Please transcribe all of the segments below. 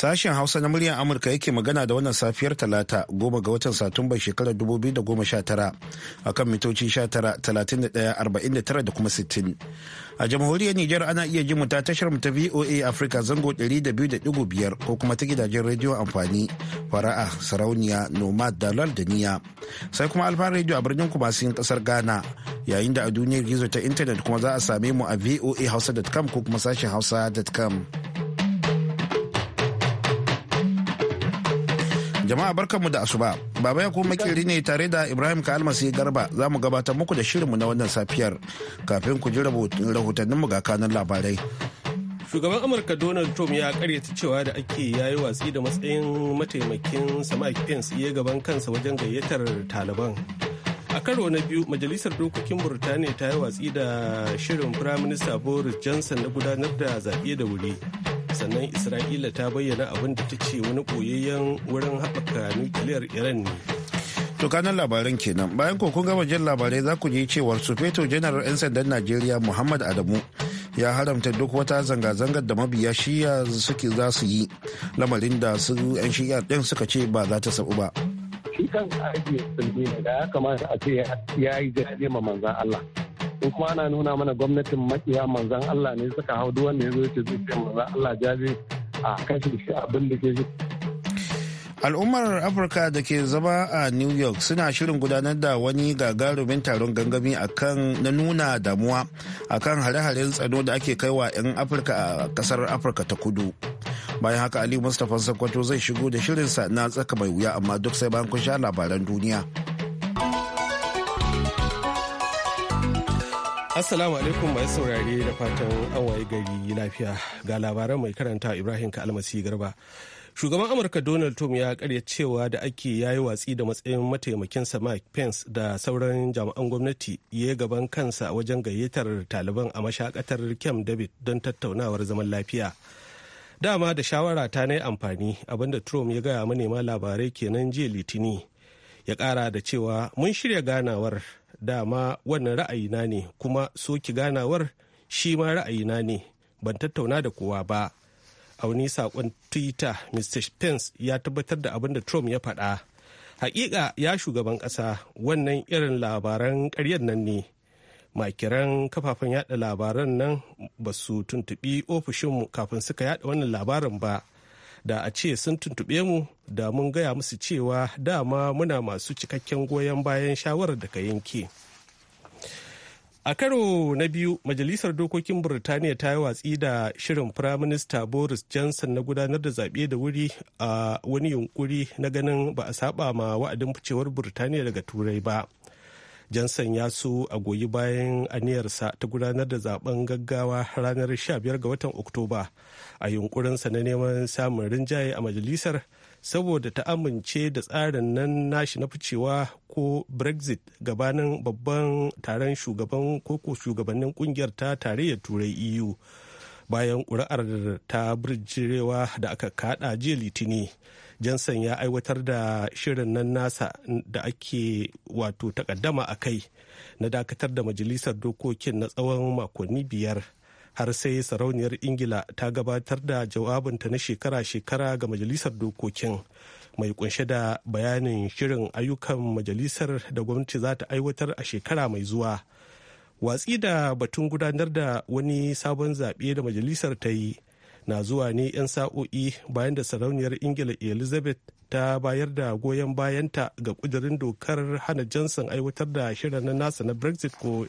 Sashen Hausa na muryar Amurka yake magana da wannan safiyar Talata goma ga watan Satumba shekarar 2019 akan mitoci 19,31,49 da kuma 60. A jamhuriyar Nijar ana iya jin ta tashar mu ta VOA Africa zango 200.5 ko kuma ta gidajen rediyo amfani fara'a sarauniya nomad dalal da niya sai kuma alfan rediyo a birnin kumasin kasar Ghana yayin da a duniyar gizo ta intanet kuma za a same mu a voahausa.com ko kuma sashen hausa.com. Jama'a barkanmu da asuba. Baba ya kuma makiri ne tare da Ibrahim ka almasi garba za mu gabatar muku da shirinmu na wannan safiyar kafin ku ji rahotanninmu ga kanun labarai. Shugaban Amurka Donald Trump ya karyata cewa da ake yayi watsi da matsayin mataimakin Mike Pence ya gaban kansa wajen gayyatar Taliban. a karo na biyu majalisar dokokin burtaniya ta yi watsi da shirin firaminista boris johnson na gudanar da zaɓe da wuri sannan isra'ila ta bayyana abin da ta ce wani koyayyen wurin haɓaka nukiliyar iran ne to kanan labaran kenan bayan kun gama jin labarai za ku ji cewar sufeto janar 'yan sandan najeriya muhammad adamu ya haramta duk wata zanga-zangar da mabiya shiya suke za su yi lamarin da su 'yan shiya ɗin suka ce ba za ta sabu ba shi kan ajiye sulmi da ya kamata a ce ya yi jirage ma manzan allah in kuma ana nuna mana gwamnatin makiya manzan Allah ne suka hau duk wanda ya zo ce zuciya manzan Allah jaje a kashe shi abin da ke Al'ummar Afirka da ke zama a New York suna shirin gudanar da wani gagarumin taron gangami kan na nuna damuwa akan hare-haren tsano da ake kaiwa 'yan Afirka a kasar Afirka ta kudu. Bayan haka Ali Mustapha Sakwato zai shigo da shirinsa na tsaka mai wuya amma duk sai bayan kun sha labaran duniya. Assalamu alaikum mai saurare da fatan an waye gari lafiya ga labaran mai karanta Ibrahim Kalmasi Garba. Shugaban Amurka Donald Trump ya karya cewa da ake yayi watsi da matsayin mataimakin sa Mike Pence da sauran jami'an gwamnati ya gaban kansa wajen gayyatar taliban a mashakatar Camp David don tattaunawar zaman lafiya. Dama da shawara ta na amfani abinda Trump ya gaya manema labarai kenan jiya Litini. Ya kara da cewa mun shirya ganawar dama wannan ra'ayina ne kuma soki ganawar shi ma ra'ayina ne ban tattauna da kowa ba a wani saƙon twitter mr pence ya tabbatar da abin da trump ya faɗa hakika ya shugaban ƙasa wannan irin labaran ƙaryar nan ne makiran kafafen yada labaran nan ba su tuntuɓi ofishinmu kafin suka yada wannan labarin ba da a ce sun tuntuɓe mu da mun gaya musu cewa dama muna masu cikakken goyon bayan shawarar da ka yanke. A karo na biyu, Majalisar Dokokin Burtaniya ta yi watsi da shirin Firaminista Boris Johnson na gudanar da zaɓe da wuri a wani yunkuri na ganin ba a saba ma wa'adin ficewar Burtaniya daga Turai ba. Johnson ya so a goyi bayan aniyarsa ta gudanar da zaben gaggawa ranar 15 ga watan Oktoba a yunkurinsa na neman samun rinjaye a majalisar saboda ta amince da tsarin nan nashi na ficewa ko Brexit gabanin babban taron shugaban ko shugabannin kungiyar ta tarayyar Turai EU. bayan ƙuri'ar ta birjirewa da aka kaɗa jiya litini johnson ya aiwatar da shirin nan nasa da ake wato takaddama a kai na dakatar da majalisar dokokin na tsawon makonni biyar har sai sarauniyar ingila ta gabatar da jawabinta na shekara-shekara ga majalisar dokokin mai kunshe da bayanin shirin ayyukan majalisar da gwamnati za ta aiwatar a shekara mai zuwa watsi da batun gudanar da wani sabon zaɓe da majalisar ta yi na zuwa ne 'yan sa'o'i bayan da sarauniyar ingila elizabeth ta bayar da goyon bayanta ga kudirin dokar hana johnson aiwatar da shirin na nasa na brexit ko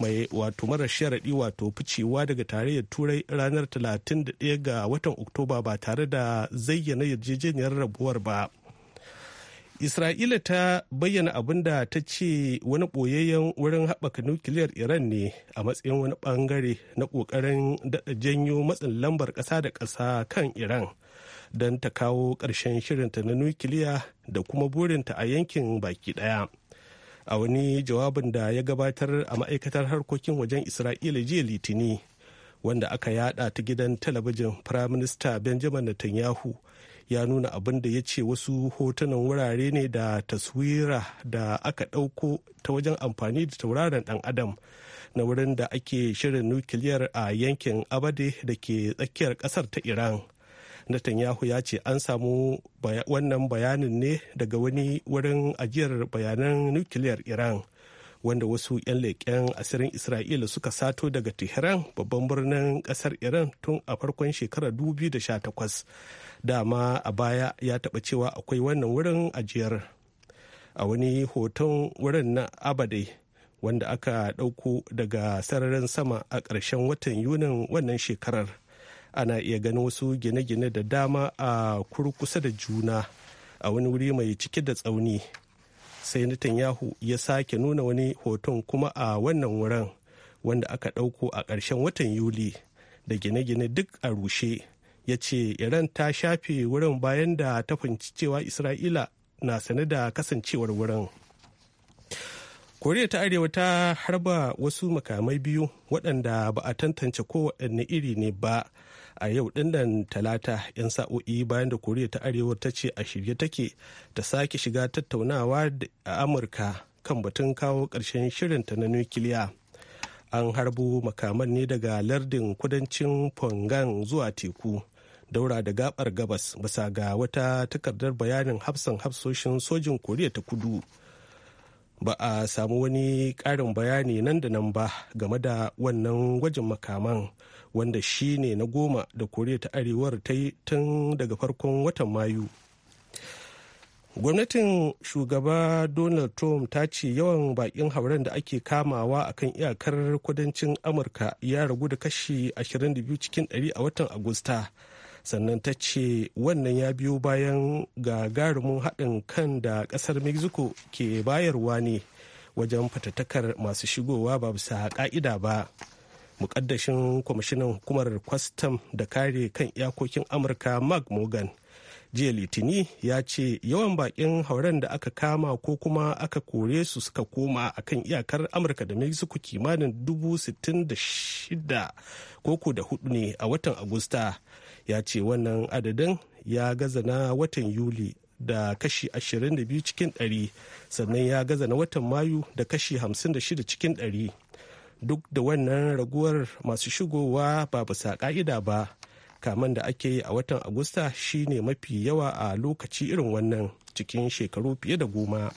mai wato mara sharaɗi wato ficewa daga tarayyar turai ranar 31 ga watan oktoba ba tare da zayyana yarjejeniyar rabuwar ba Isra'ila ta bayyana abin da ta ce wani ɓoyayyen wurin haɓaka nukiliyar Iran ne a matsayin wani ɓangare na ƙoƙarin daɗa janyo matsin lambar ƙasa da ƙasa kan Iran don ta kawo ƙarshen shirinta na nukiliya da kuma burinta a yankin baki ɗaya. A wani jawabin da ya gabatar a ma'aikatar harkokin wajen Isra'ila jiya Litini, wanda aka yada ta gidan talabijin Firaminista Benjamin Netanyahu ya nuna abin da ya ce wasu hotunan wurare ne da taswira da aka ɗauko ta wajen amfani da tauraron ɗan adam na wurin da ake shirin nukiliyar a yankin abade da ke tsakiyar ƙasar ta iran Netanyahu ya ce an samu wannan bayanin ne daga wani wurin ajiyar bayanan nukiliyar Iran wanda wasu 'yan leƙen asirin Isra'ila suka sato daga Tehran babban birnin ƙasar Iran tun a farkon shekarar 2018 dama a baya ya taɓa cewa akwai wannan wurin ajiyar a wani hoton wurin na abade wanda aka ɗauko daga sararin sama a ƙarshen watan yunin wannan shekarar ana iya ganin wasu gine-gine da dama a kurkusa da juna a wani wuri mai cike da tsauni sai Netanyahu ya sake nuna wani hoton kuma a wannan wurin wanda aka ɗauko a ƙarshen watan yuli da gine-gine duk a rushe ya ce iran ta shafe wurin bayan da ta fahimci cewa isra'ila na sane da kasancewar wurin koriya ta arewa ta harba wasu makamai biyu waɗanda ba a tantance kowaɗanne iri ne ba a yau ɗinnan talata 'yan sa'o'i bayan da koriya ta arewa ta ce a shirye take ta sake shiga tattaunawa a amurka kan batun kawo ƙarshen shirinta na nukiliya an harbo makaman ne daga lardin kudancin pongan zuwa teku daura da gabar gabas bisa ga wata takardar bayanin hafsan hafsoshin sojin koriya ta kudu ba a samu wani ƙarin bayani nan da nan ba game da wannan gwajin makaman wanda shi ne na goma da koriya ta arewar ta yi tun daga farkon watan mayu gwamnatin shugaba donald trump ta ce yawan bakin hauren da ake kamawa a kan iyakar kudancin amurka ya ragu da kashi 22 cikin 100 a watan agusta sannan ta ce wannan ya biyo bayan gagarumin haɗin kan da ƙasar mexico ke bayarwa ne wajen fatattakar masu shigowa ba bisa ƙa'ida ba muƙaddashin kwamishinan hukumar kwastam da kare kan iyakokin amurka mark morgan jiya litini ya ce yawan bakin hauren da aka kama ko kuma aka kore su suka koma a kan iyakar amurka da mexico kimanin dubu ko da da hudu ne a watan agusta ya ce wannan adadin ya gaza na watan yuli da kashi 22 cikin 100 sannan ya gaza na watan mayu da kashi 56 cikin 100 duk da wannan raguwar masu shigowa ba bisa ka'ida ba kaman da ake yi a watan agusta shine mafi yawa a lokaci irin wannan cikin shekaru fiye da goma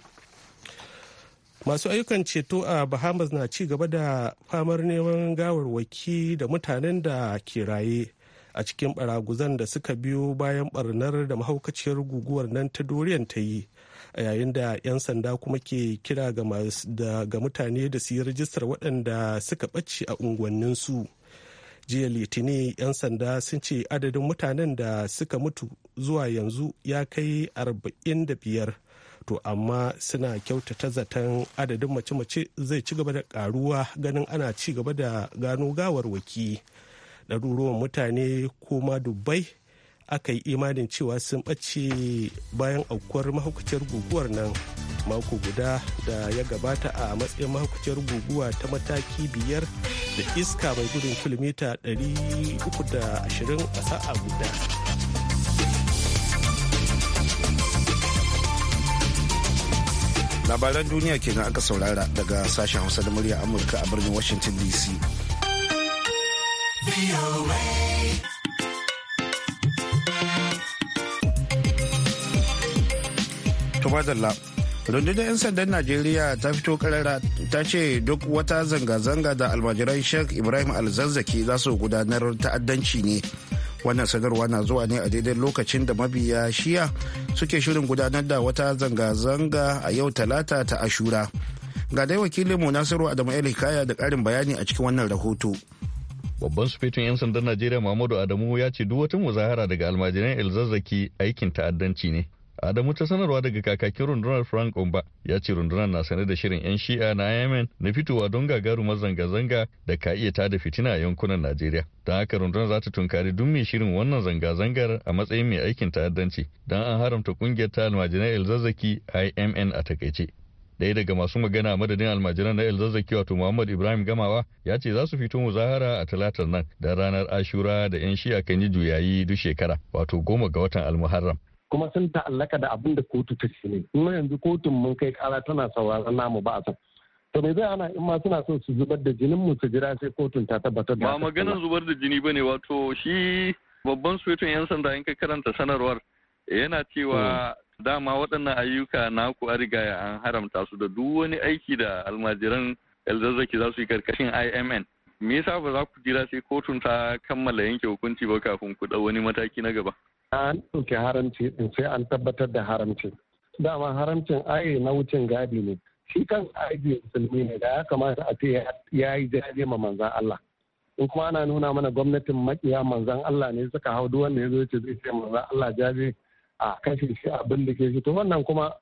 masu ayyukan ceto a bahamas na ci gaba da famar neman gawarwaki da mutanen da ke raye a cikin baraguzan da suka biyo bayan barnar da mahaukaciyar guguwar nan ta doriyan ta yi a yayin da 'yan sanda kuma ke kira ga mutane da su yi rajistar waɗanda suka ɓace a unguwanninsu jiya litini 'yan sanda sun ce adadin mutanen da suka mutu zuwa yanzu ya kai 45 to amma suna kyautata zaton adadin mace-mace zai ci gaba da karuwa ganin ana ci gaba da gano gawarwaki ɗaruruwan mutane ko ma dubbai aka yi imanin cewa sun ɓace bayan aukuwar mahaukaciyar guguwar nan mako guda da ya gabata a matsayin mahaukaciyar guguwa ta mataki biyar da iska mai gudun kilomita 320 a sa'a guda labaran duniya kenan aka saurara daga sashen hausa da murya amurka a birnin washington dc Tubadalla. rundunar 'yan sandan najeriya ta fito karara ta ce duk wata zanga-zanga da almajiran sheikh ibrahim alzazzaki za su gudanar ta'addanci ne wannan sanarwa na zuwa ne a daidai lokacin da mabiya shiya suke shirin gudanar da wata zanga-zanga a yau talata ta ashura ga dai wakilinmu nasiru adamu Elikaya da ƙarin bayani a cikin wannan rahoto babban sufetin 'yan sandan najeriya muhammadu adamu ya ce duk wata muzahara daga almajiran elzazzaki aikin ta'addanci ne adamu ta sanarwa daga kakakin rundunar frank omba ya ce rundunar na sane da shirin 'yan shi'a na yemen na fitowa don gagarumar zanga-zanga da ka iya tada fitina a yankunan najeriya don haka rundunar za ta tunkari duk mai shirin wannan zanga-zangar a matsayin mai aikin ta'addanci don an haramta kungiyar ta almajiran elzazzaki imn a takaice Ɗaya daga masu magana madadin almajiran na el-zazzaki wato Muhammad Ibrahim Gamawa ya ce za su fito muzahara a talatar nan da ranar Ashura da 'yan shiya kan yi juyayi duk shekara wato goma ga watan Almuharram. Kuma sun ta'allaka da abin da kotu ta ne. Kuma yanzu kotun mun kai kara tana sauraron namu ba a san. to me zai ana in ma suna so su zubar da jinin mu su jira sai kotun ta tabbatar da ba maganar zubar da jini bane wato shi babban sweton yan sanda in ka karanta sanarwar yana cewa hmm. dama waɗannan ayyuka ku a riga an haramta su da duk wani aiki da almajiran elzazzaki za su yi karkashin imn me yasa ba za ku jira sai kotun ta kammala yanke hukunci ba kafin ku ɗau wani mataki na gaba an ɗauke haramci sai an tabbatar da haramci dama haramcin aye na wucin gadi ne shi kan aye musulmi ne da ya kamata a ce ya yi jaje ma manzan Allah in kuma ana nuna mana gwamnatin makiya manzan Allah ne suka hau duk wanda ya zo ce zai ce manzan Allah jaje a kashe shi da ke shi to wannan kuma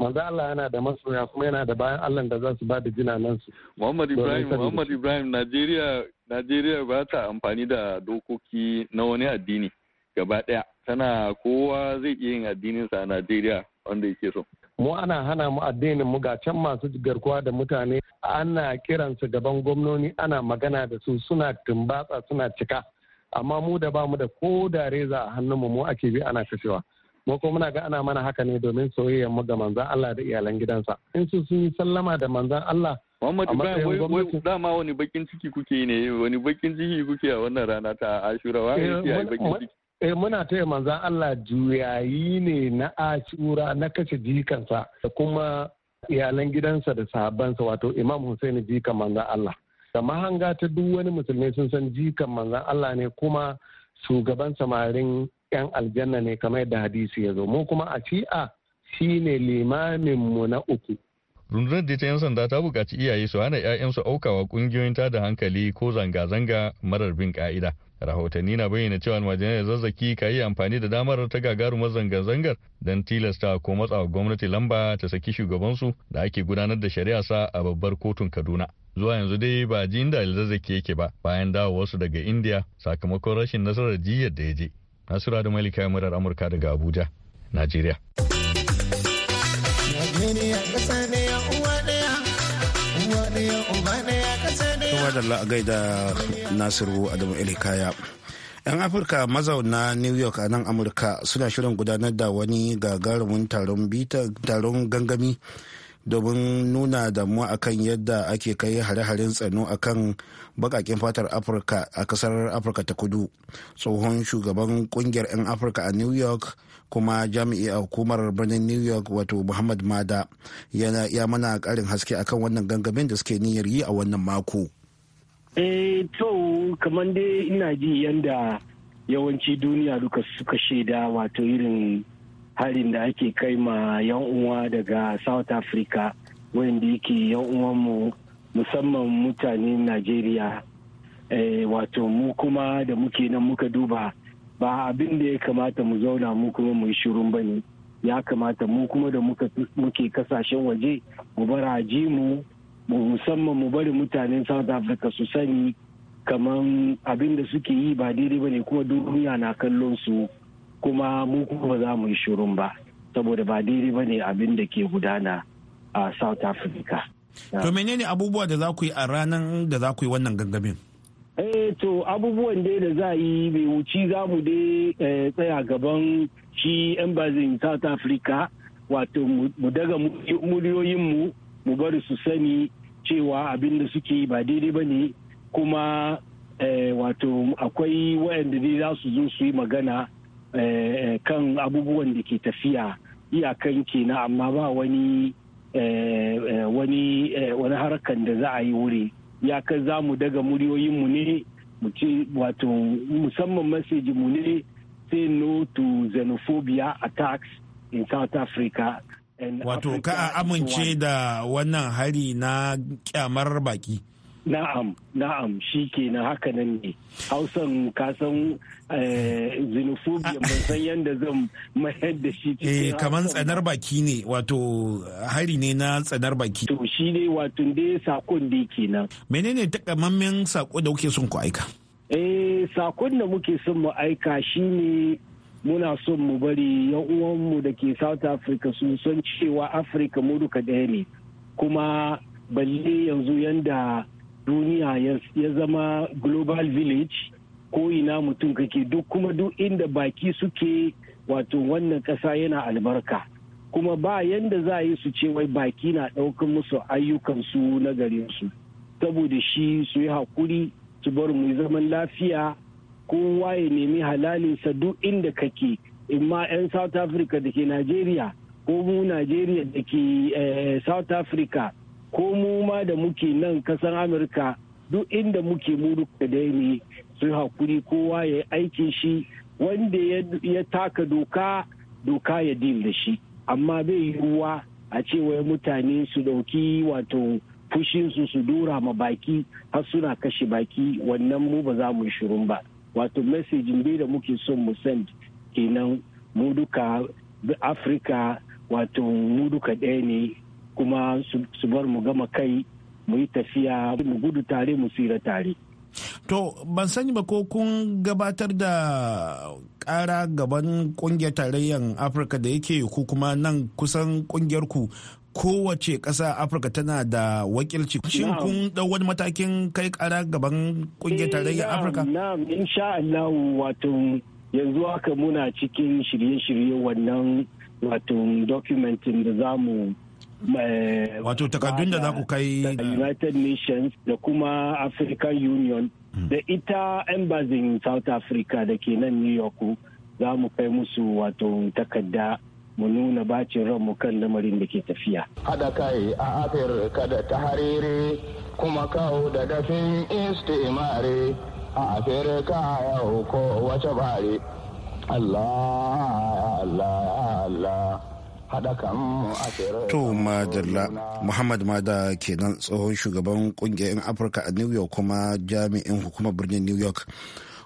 manzo Allah yana da masoya kuma yana da bayan Allah da za su ba da jinanan su Muhammad Ibrahim Muhammad Ibrahim Najeriya Najeriya ba ta amfani da dokoki na wani addini gaba daya tana kowa zai iya yin addinin sa a Najeriya wanda yake so mu ana hana mu addinin mu ga can masu garkuwa da mutane ana kiransu gaban gwamnoni ana magana da su suna tumbatsa suna cika amma mu da bamu da ko da reza a hannunmu mu ake bi ana kashewa mu ko muna ga ana mana haka ne domin soyayyar mu ga manzon Allah da iyalan gidansa in su sun yi sallama da manzon Allah Muhammadu Ibrahim wai wai dama wani bakin ciki kuke ne wani bakin ciki kuke a wannan rana ta Ashura eh, wa yake bakin ciki Eh muna taya manzan Allah juyayi ne na ashura na kashe jikansa da kuma iyalan gidansa da sahabbansa wato Imam Hussein jikan manzan Allah. Da mahanga ta duk wani musulmi sun san jikan manzan Allah ne kuma shugaban samarin 'yan aljanna ne kamar yadda hadisi ya zo mu kuma a shi'a shine limamin mu na uku rundunar da ta 'yan sanda ta buƙaci iyaye su hana 'ya'yansu aukawa ƙungiyoyin ta da hankali ko zanga-zanga marar bin ƙa'ida rahotanni na bayyana cewa almajirai zazzaki ka yi amfani da damar ta gagarumar zanga-zangar don tilasta ko matsawa gwamnati lamba ta saki shugabansu da ake gudanar da shari'a sa a babbar kotun kaduna zuwa yanzu dai ba jin da zazzaki yake ba bayan dawowarsu daga indiya sakamakon rashin nasarar jiyar da ya je Nasura da Malika murar Amurka daga Abuja, Najeriya. Kowa da la'agai da Nasiru Adamu Ilikaya. 'Yan Afirka mazauna New York a nan Amurka suna shirin gudanar da wani gagarumin taron gangami domin nuna damuwa akan yadda ake kai hare-haren tsano a kan bakakin fatar afirka a kasar afirka ta kudu tsohon shugaban kungiyar 'yan afirka a new york kuma jami'i a hukumar birnin new york wato muhammad mada yana ya mana karin haske akan wannan gangamin da suke niyyar yi a wannan mako eh, kamar dai ina ji yawanci duniya duka suka shaida wato irin harin da ake kai ma yan uwa daga south africa wanda yake yan uwanmu musamman mutanen e wato mu kuma da muke nan muka duba ba abin da ya kamata mu zauna mu kuma mu yi shirun ba ne ya kamata mu kuma da muke kasashen waje mu bar ji mu musamman mu bari mutanen south africa su sani kamar abin da suke yi ba daidai ba ne kuma duniya na kallon su kuma mu kuma za mu yi shirin ba saboda ba daidai ba ne abin da ke gudana a south africa to menene abubuwa da za ku yi a ranar da za ku yi wannan gangamin eh to abubuwan dai da za yi mai wuci za mu dai eh, tsaya gaban shi embassy south africa wato mu daga muryoyinmu mu bari su sani cewa abin da suke ba daidai ba ne kuma eh, wato akwai waɗanda dai za su zo su yi magana Eh, eh, kan abubuwan da ke tafiya iyakan na amma ba wani eh, wani wani harkan da za a yi wuri iyakar za mu daga muryoyinmu ne mu ce wato musamman message mu ne say no to xenophobia attacks in south africa wato ka amince da wannan hari na kyamar baki Na'am, na'am shi kenan haka nan ne. Hausan kasan eh, xenophobia ban san yadda zan mayar da shi cikin eh, kamar tsanar baki ne wato hari ne na tsanar baki. To shi ne wato dai sakon da kenan. Menene takamammen sako da kuke son ku aika? Eh sakon da muke son mu aika shine muna son mu bari yan uwanmu da ke South Africa sun san cewa Africa mu duka daya ne. Kuma balle yanzu yanda duniya ya zama global village ko ina mutum kake duk kuma duk inda baki suke wato wannan ƙasa yana albarka kuma ba yanda za a yi su ce wai baki na ɗaukan musu ayyukansu na garinsu saboda shi su yi haƙuri su bar mu zaman lafiya kowa ya nemi halalinsa duk inda kake imma 'yan south africa da ke nigeria ko mu nigeria da ke eh, south africa ko mu ma da muke nan kasan amurka duk inda muke mu duka da ne sun hakuri kowa ya yi aikin shi wanda ya taka doka doka ya dil da shi amma bai yi ruwa a cewa mutane su dauki wato fushinsu su dora ma baki har suna kashe baki wannan mu ba za mu yi shirin ba wato messaging bai da muke son mu send kenan mu duka afirka wato mu duka ɗaya ne kuma su bar mu gama kai mu yi tafiya mu gudu tare mu tsira tare To ban sani ba ko kun gabatar da ƙara gaban ƙungiyar tarayyar Afirka da yake ku kuma nan kusan ƙungiyar ku kowace ƙasa Afirka tana da wakilci. Shin kun ɗau wani matakin kai ƙara gaban ƙungiyar tarayyar eh, Afirka? Na'am, insha Allah wato yanzu haka muna cikin shirye-shirye wannan wato documentin da za mu Eh, wato takardun da za ku kai eh, united nations da kuma african union hmm. da ita embassy in south africa da ke nan new york za mu kai musu wato takarda mu nuna bacin ranmu kan lamarin da ke tafiya. Haɗa kai a Afirka da ta hariri kuma kawo da dafin istimare a Afirka yau ko wace bare. Allah, Allah, Allah. To Madalla Muhammad Mada kenan tsohon shugaban kungiyar Afirka a New York kuma jami'in hukumar birnin New York.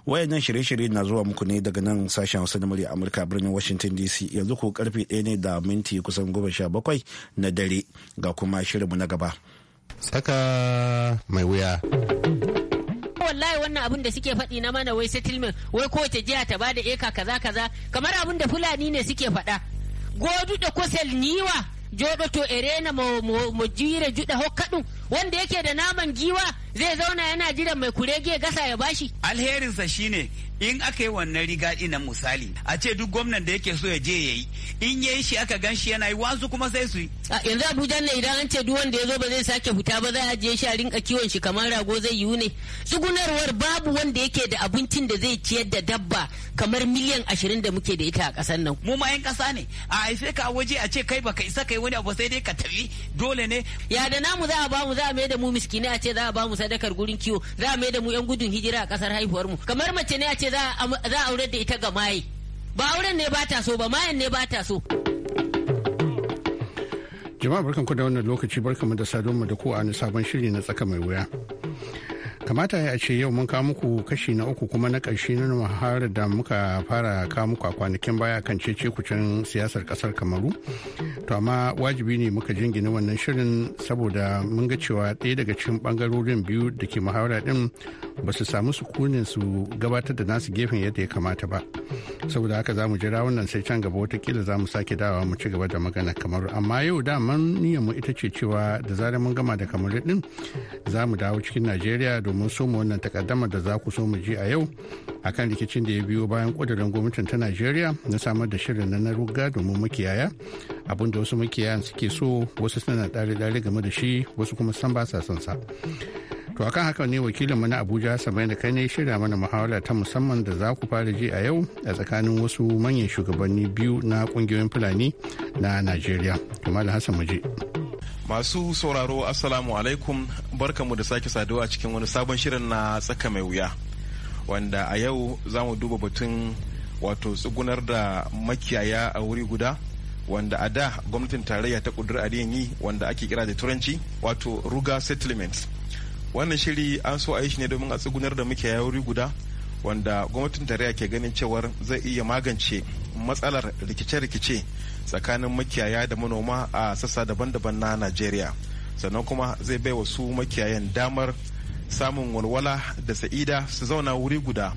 wayannan shirye-shirye na zuwa muku ne daga nan sashen hausa na murya amurka birnin washington dc yanzu ko karfe ɗaya ne da minti kusan goma sha bakwai na dare ga kuma shirinmu na gaba tsaka mai wuya wallahi wannan abin da suke faɗi na mana wai settlement wai kowace jiya ta bada eka kaza kaza kamar abin da fulani ne suke faɗa goduɗo kosel niwa joɗoto e rena raina mo jiire juɗa hokka ɗum wanda yake da naman giwa zai zauna yana jiran mai kurege gasa ya bashi alherinsa shine in aka yi wannan riga ina misali a ce duk gwamnan da yake so ya je yayi in yayi shi aka gan shi yana yi wasu kuma sai su yi yanzu abuja ne idan an ce duk wanda ya zo ba zai sake fita ba za a je shi a rinka kiwon shi kamar rago zai yiwu ne tsugunarwar babu wanda yake da abincin da zai ciyar da dabba kamar miliyan ashirin da muke da ita a ƙasar nan mu ma yan ƙasa ne a haife ka waje a ce kai baka isa kai wani abu sai dai ka tafi dole ne ya da namu za a ba mu za a mai mu miskine a ce za a ba mu sadakar gurin kiwo za a mai mu yan gudun hijira a kasar haihuwar mu kamar mace ne a ce za a aure da ita ga maye ba auren ne ba ta so ba mayan ne ba ta so jama'a ku da wannan lokaci mu da mu da ku a sabon shiri na tsaka mai wuya kamata ya ce yau mun kawo muku kashi na uku kuma na karshe na muhar da muka fara kawo muku a kwanakin baya kan cece kucin siyasar kasar kamaru to amma wajibi ne muka jingina wannan shirin saboda mun ga cewa ɗaya daga cikin ɓangarorin biyu da ke muhawara ɗin ba su samu sukunin su gabatar da nasu gefen yadda ya kamata ba saboda haka za mu jira wannan sai can gaba watakila za mu sake dawa mu ci gaba da magana kamar amma yau daman niyyar mu ita ce cewa da zarar mun gama da kamar din za mu dawo cikin najeriya domin so mu wannan takaddama da za ku so mu ji a yau akan rikicin da ya biyo bayan kudirin gwamnatin ta najeriya na samar da shirin na na ruga domin makiyaya da wasu makiyayan suke so wasu suna dare-dare game da shi wasu kuma san ba sa son sa to akan haka ne wakilinmu na abuja samai da kai ne shirya mana muhawara ta musamman da za ku fara ji a yau a tsakanin wasu manyan shugabanni biyu na kungiyoyin fulani na najeriya Kuma da hassan muje masu sauraro assalamu alaikum barkamu da sake saduwa cikin wani sabon shirin na tsaka mai wuya wanda a yau za mu duba batun wato tsugunar da makiyaya a wuri guda wanda a da gwamnatin tarayya ta kudur yi wanda ake kira da turanci wato ruga settlement wannan shiri an so a yi shi ne domin a tsugunar da muke wuri guda wanda gwamnatin tarayya ke ganin cewar zai iya magance matsalar rikice-rikice tsakanin makiyaya da manoma a sassa daban-daban na najeriya sannan kuma zai bai wa su makiyayan damar samun walwala da sa'ida su zauna wuri guda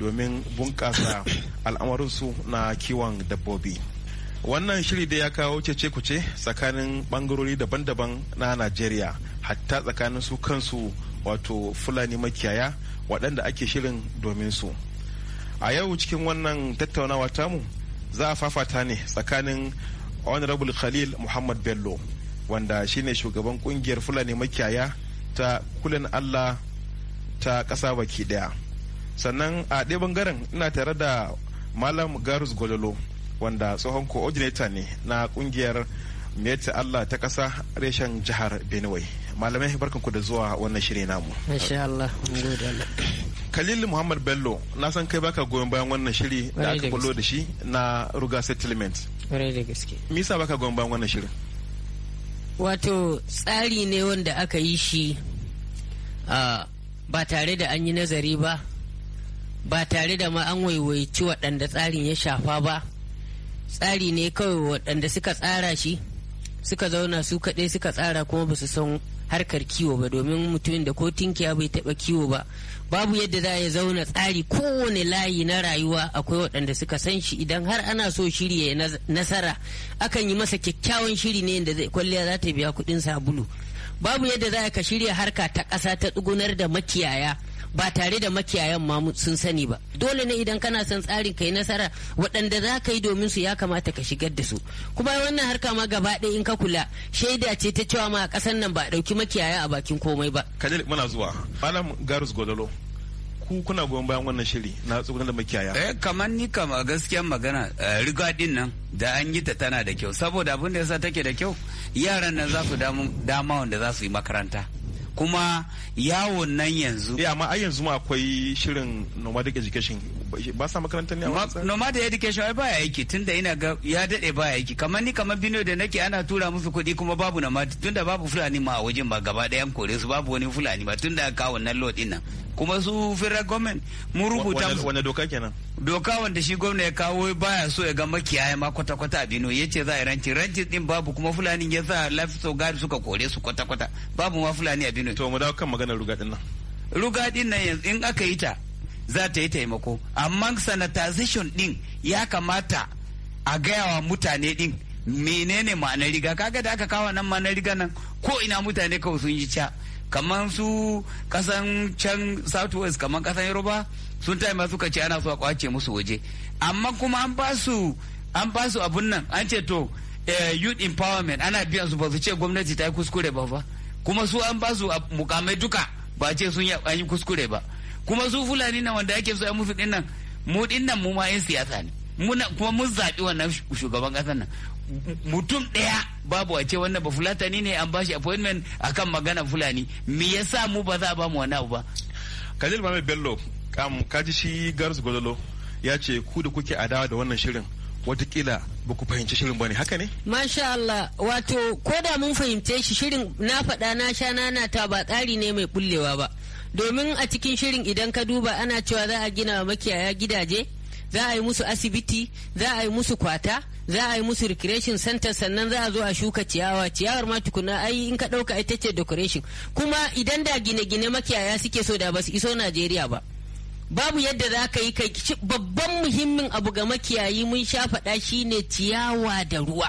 domin bunƙasa al'amarinsu na kiwon dabbobi wannan shiri da ya kawo cece kuce tsakanin bangarori daban-daban na najeriya hatta tsakanin su kansu wato fulani makiyaya waɗanda ake shirin domin su a yau cikin wannan tattaunawa tamu za a fafata ne tsakanin honorable khalil muhammad bello wanda shine shugaban kungiyar fulani makiyaya ta kulin allah ta ƙasa baki ɗaya sannan a ɗaya bangaren ina tare da malam garus gololo wanda tsohon coordinator ne na kungiyar meta allah ta ƙasa reshen jihar benue malamai barkan ku da zuwa wannan shirye namu Allah Khalil Muhammad Bello na san kai baka goyon bayan wannan shiri da aka kullo da shi na Ruga Settlement Kwarai da gaske me yasa baka goyon bayan wannan shirin wato tsari ne wanda aka yi shi ba tare da an yi nazari ba ba tare da ma an waiwaici waɗanda tsarin ya shafa ba tsari ne kawai waɗanda suka tsara shi suka zauna su kaɗai suka tsara kuma ba su san harkar kiwo ba domin mutumin da ko tinkiya bai taɓa kiwo ba babu yadda za ya zauna tsari kowane layi na rayuwa akwai waɗanda suka san shi idan har ana so shiri ya nasara akan yi masa kyakkyawan shiri ne yadda zai kwalliya za ta biya kuɗin sabulu babu yadda za ka shirya harka ta ƙasa ta tsugunar da makiyaya ba tare da makiyayan ma sun sani ba dole ne idan kana son tsarin kai nasara waɗanda za ka yi domin su ya kamata ka shigar da su kuma wannan harka ma gaba ɗaya in ka kula shaida ce ta cewa ma a ƙasar nan ba a ɗauki makiyaya a bakin komai ba kajal muna zuwa malam garus godolo ku kuna goyon bayan wannan shiri na tsugunan da makiyaya eh kamar ni kama gaskiyar magana eh, riga din nan da an yi ta tana da kyau saboda abin da yasa take da kyau yaran nan za su damu dama wanda za su yi makaranta kuma yawon nan yanzu eh amma ai yanzu ma akwai shirin nomadic education ba sa makarantar ne a nomadic education ai baya aiki tunda ina ga ya dade baya aiki kamar ni kamar bino da nake ana tura musu kuɗi kuma babu nomadic tunda babu fulani ma a wajen ba gaba ɗaya kore su babu wani fulani ba tunda ka kawo nan lot din nan kuma su federal government mun rubuta wani doka kenan doka wanda shi gwamna ya kawo baya so ya ga makiyaya ma kwata-kwata a Benue ya ce za a ranci ranci din babu kuma fulani ya sa lafi sau gari suka kore su kwata-kwata babu ma fulani a Benue. To mu dawo kan maganar rugadin nan. Rugadin nan yanzu in aka yi ta za ta yi taimako amma sanitization din ya kamata a gaya wa mutane din menene ma'anar riga kaga da aka kawo nan ma'anar riga nan ko ina mutane kawai sun yi ca kamar su kasan can south west kamar kasan yoruba sun tayi ma suka ce ana so a kwace musu waje amma kuma an ba su an ba su abun nan an ce to eh, youth empowerment ana biyan su ba su ce gwamnati ta yi kuskure ba fa kuma su an ba su mukamai duka ba ce sun yi kuskure ba kuma su fulani na wanda ake so ya musu dinnan mu dinnan mu ma yan siyasa ne muna kuma mun zabi wannan shugaban kasar nan mutum ɗaya babu a ce wannan ba fulatani ne an bashi appointment akan magana fulani me yasa mu ba za a ba mu wani abu ba Khalil Mohamed Bello kaji shi garz gololo ya ce ku da kuke adawa da wannan shirin watakila ba ku fahimci shirin ba ne haka ne? Masha Allah wato ko da mun fahimce shi shirin na faɗa na sha na ta ba tsari ne mai bullewa ba domin a cikin shirin idan ka duba ana cewa za a gina wa makiyaya gidaje za a yi musu asibiti za a yi musu kwata za a yi musu recreation center sannan za a zo a shuka ciyawa ciyawar ma tukuna ai in ka ɗauka ita ce decoration kuma idan da gine-gine makiyaya suke so da ba su iso Najeriya ba. babu yadda za ka yi kai babban muhimmin abu ga makiyayi mun sha faɗa shine ciyawa da ruwa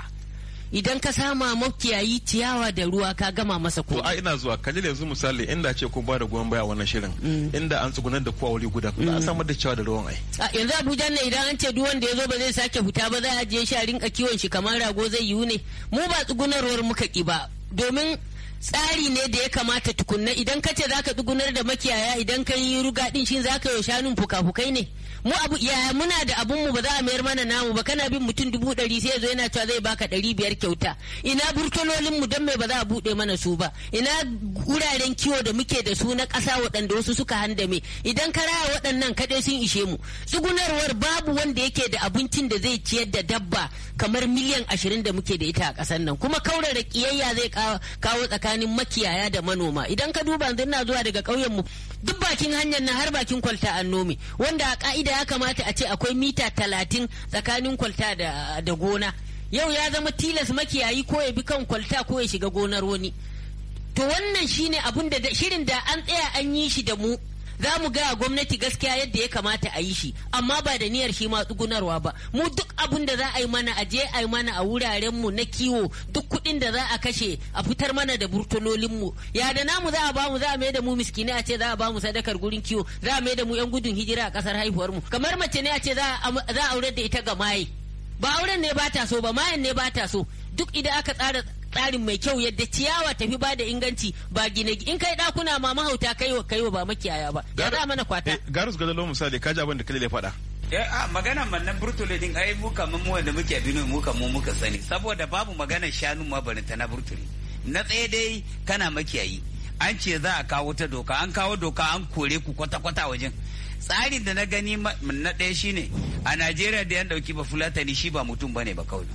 idan ka sama makiyayi ciyawa da ruwa ka gama masa ko a ina zuwa kalil yanzu misali inda ce kun bada goyon baya wannan shirin mm. inda an tsugunar da kowa wuri guda ba a mm. samar da ciyawa da ruwan ai a yanzu Abuja ne idan an ce duk wanda ya zo ba zai sake fita ba za a je shi a rinka kiwon shi kamar rago zai yiwu ne mu ba tsugunarwar muka ki ba domin tsari ne da ya kamata tukunna idan ka ce za ka tsugunar da makiyaya idan ka yi ruga din shi za ka yi shanun fuka-fukai ne mu abu yaya muna da abun mu ba za a mayar mana namu ba kana bin mutum dubu ɗari sai zo yana cewa zai baka ɗari biyar kyauta ina burtololin mu don mai ba za a buɗe mana su ba ina wuraren kiwo da muke da su na ƙasa waɗanda wasu suka handame idan ka raya waɗannan kaɗai sun ishe mu tsugunarwar babu wanda yake da abincin da zai ciyar da dabba kamar miliyan ashirin da muke da ita a ƙasar nan kuma kaurara ƙiyayya zai kawo tsakanin tsakanin makiyaya da manoma idan ka duba yanzu ina zuwa daga ƙauyen mu duk bakin hanyar na har bakin kwalta an nome wanda a ka'ida ya kamata a ce akwai mita talatin tsakanin kwalta da, da gona yau ya zama tilas makiyayi ko ya bi kan kwalta ko ya shiga gonar wani to wannan shine abun da shirin da an tsaya an yi shi da mu za mu gaya gwamnati gaskiya yadda ya kamata a yi shi amma ba da niyyar shi ma tsugunarwa ba mu duk abin da za a yi mana a je a yi mana a wuraren mu na kiwo duk kuɗin da za a kashe a fitar mana da burtololin mu ya da namu za a ba mu za a mai da mu miskini a ce za a ba mu sadakar gurin kiwo za a mai da mu yan gudun hijira a kasar haihuwar mu kamar mace ne a ce za a aure da ita ga maye ba auren ne ba ta so ba mayan ne ba ta so duk idan aka tsara tsarin mai kyau yadda ciyawa tafi ba da inganci ba gine in kai dakuna ma mahauta kai wa kai wa ba makiyaya ba ya da mana kwata eh, garus galalo misali ji abin da kalle ya faɗa eh, a magana mannan burtule din ai mu kaman mu wanda muke binu mu kan mu muka sani saboda babu magana shanu ma ta na burtule na tsaye dai kana makiyayi an ce za a kawo ta doka an kawo doka an kore ku kwata-kwata wajen tsarin da na gani na ɗaya shine a najeriya da yan ɗauki ba fulatani shi ba mutum bane ba kawai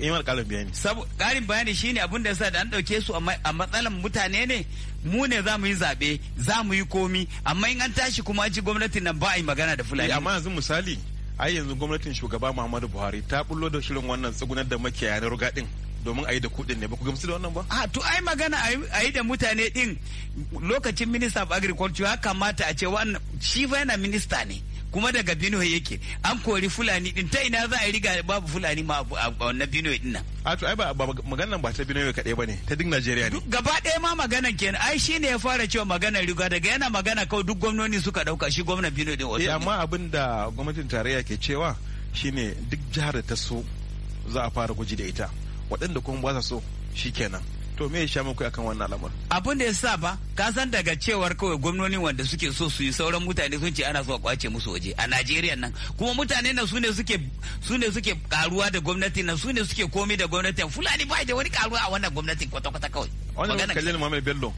imar mana karin bayani sabu karin bayani shine abin da yasa da an dauke su a matsalan mutane ne mu ne za mu yi zabe za mu yi komi amma in an tashi kuma an ci gwamnatin nan ba a yi magana da fulani eh, amma yanzu misali ai yanzu gwamnatin shugaba Muhammadu Buhari ta bullo da shirin wannan tsugunar da makiyaya na ruga din domin a yi da kuɗin ne ba ku gamsu da wannan ba? A to ai magana a yi da mutane ɗin lokacin minista of agriculture ya kamata a ce wannan shi fa yana minista ne kuma daga Benue yake an kori Fulani din ta ina za a riga babu Fulani ma a wannan Benue din nan a to ai ba maganar ba ta Benue kadai bane ta duk Najeriya ne gaba ɗaya ma maganar kenan ai shine ya fara cewa maganar riga daga yana magana kawai duk gwamnoni suka dauka shi gwamnan Benue din wato eh, amma abin da gwamnatin tarayya ke cewa shine duk jihar da ta so za a fara gwaji da ita waɗanda kuma ba su so shikenan to me ya sha muku akan wannan lamar. abin da ya sa ba ka san daga cewar kawai gwamnoni wanda suke so su yi sauran mutane sun ce ana so a kwace musu waje a Najeriya nan kuma mutane nan sune suke sune suke karuwa da gwamnati nan sune suke komi da gwamnati fulani ba da wani karuwa a wannan gwamnati kwata kwata kawai wannan kallin Muhammad Bello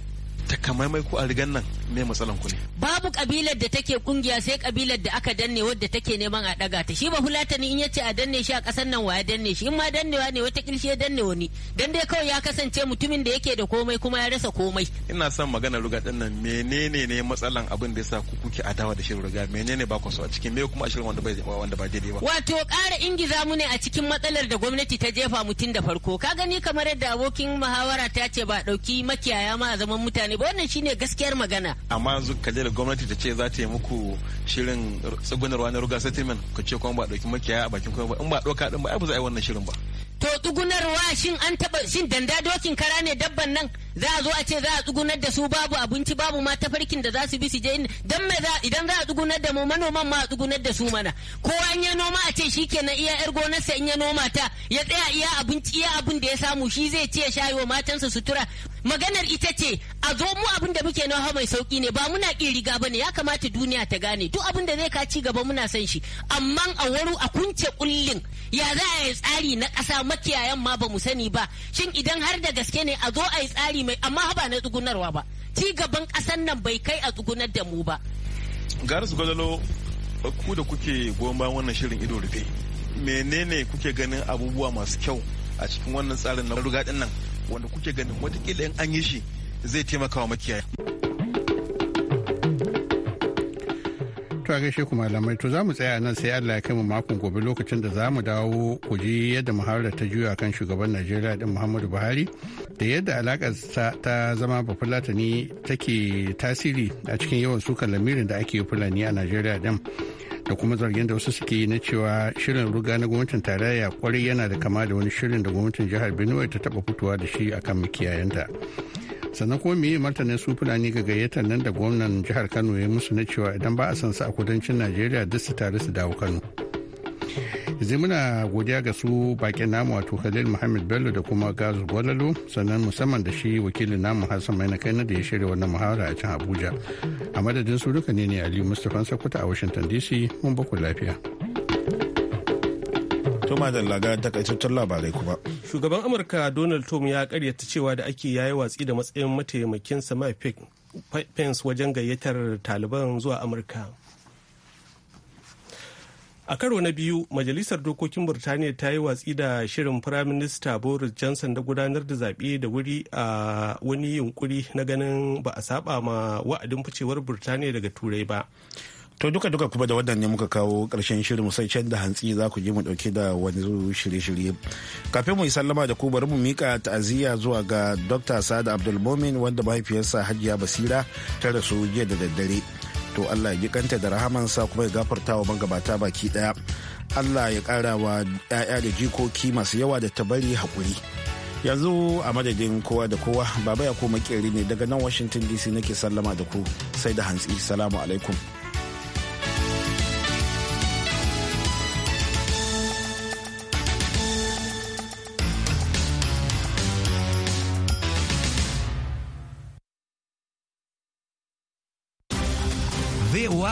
takamaiman ku a rigan nan me matsalan ku ne babu kabilar da take kungiya sai kabilar da aka danne wadda take neman a daga ta shi ba hulata ni in yace a danne shi a kasar nan wa ya danne shi in ma dannewa ne wata kilshi ya danne wani dan dai kawai ya kasance mutumin da yake da komai kuma ya rasa komai ina son magana ruga din nan menene ne matsalan abin da yasa ku kuke adawa da shirin ruga menene ba ku so a cikin me kuma a shirin wanda bai wanda ba daidai ba wato ƙara ingiza mu ne a cikin matsalar da gwamnati ta jefa mutum da farko ka gani kamar yadda abokin muhawara ta ce ba dauki makiyaya ma a zaman mutane ba wannan shine gaskiyar magana amma yanzu ka da gwamnati ta ce za ta yi muku shirin tsugunarwa na ruga settlement ku ce kuma ba ɗauki makiyaya a bakin kuma ba in ba ɗauka ɗin ba ai ba za a yi wannan shirin ba to tsugunarwa shin an taba shin danda dokin kara ne dabban nan za a zo a ce za a tsugunar da su babu abinci babu ma tafarkin da za su bi su je dan me za idan za a tsugunar da mu manoman ma a tsugunar da su mana ko an ya noma a ce shikenan iya yar gonarsa in ya noma ta ya tsaya iya abinci iya abin da ya samu shi zai ce shayi wa matansa sutura maganar ita ce a zo mu abin da muke nawa mai sauki ne ba muna kin riga bane ya kamata duniya ta gane duk abin da zai ka ci gaba muna san shi amma a waru a kunce kullin ya za a yi tsari na ƙasa makiyayan ma ba sani ba shin idan har da gaske ne a zo a yi tsari mai amma ba na tsugunarwa ba ci gaban kasan nan bai kai a tsugunar da mu ba su gwadalo ku da kuke goma wannan shirin ido rufe menene kuke ganin abubuwa masu kyau a cikin wannan tsarin na rugadin nan wanda kuke ganin watakila in an yi shi zai taimaka wa makiyaya To gaishe ku malamai to za mu tsaya nan sai Allah ya kai mu makon gobe lokacin da za mu dawo ku ji yadda muhawarar ta juya kan shugaban Najeriya din Muhammadu Buhari da yadda alakar ta zama bafulatani take tasiri a cikin yawan sukan lamirin da ake fulani a Najeriya din. da kuma zargin da wasu suke yi na cewa shirin ruga na gwamnatin tarayya kwarai yana da kama da wani shirin da gwamnatin jihar benue ta taba fitowa da shi akan makiyayanta sannan kuma meye martanin su fulani ga gayyatar nan da gwamnan jihar kano ya musu na cewa idan ba a san su a kudancin najeriya duk su tare su dawo kano zai muna godiya ga su bakin namu wato khalil muhammad bello da kuma gazu gwalalo sannan musamman da shi wakilin namu hassan mai na kaina da ya shirya wannan muhawara a can abuja a madadin su duka ne ne aliyu mustapha sakwata a washington dc mun baku lafiya. to takaitattun labarai kuma shugaban amurka donald trump ya karyata cewa da ake yayi watsi da matsayin mataimakin sama pence wajen gayyatar taliban zuwa amurka a karo na biyu majalisar dokokin burtaniya ta yi watsi da shirin firaminista boris johnson da gudanar da zaɓe da wuri a wani yunkuri na ganin ba a saba ma wa'adin ficewar burtaniya daga turai ba to duka duka kuma da wannan ne muka kawo karshen shirin mu sai can da hantsi za ku je mu dauke da wani shirye-shirye kafin mu yi sallama da ku bari mu mika ta'aziyya zuwa ga Dr. Sada Abdul Mumin wanda mahaifiyarsa Hajiya Basira ta rasu jiya da daddare to Allah ya kanta da rahamansa kuma ya gafarta wa magabata baki daya Allah ya kara wa 'ya'ya da jikoki masu yawa da ta bari hakuri yanzu a madadin kowa da kowa baba ya koma ne daga nan washington dc nake sallama da ku sai da hantsi salamu alaikum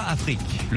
Afrique.